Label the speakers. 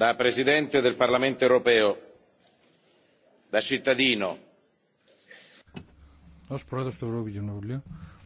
Speaker 1: da presidente del parlamento europeo da cittadino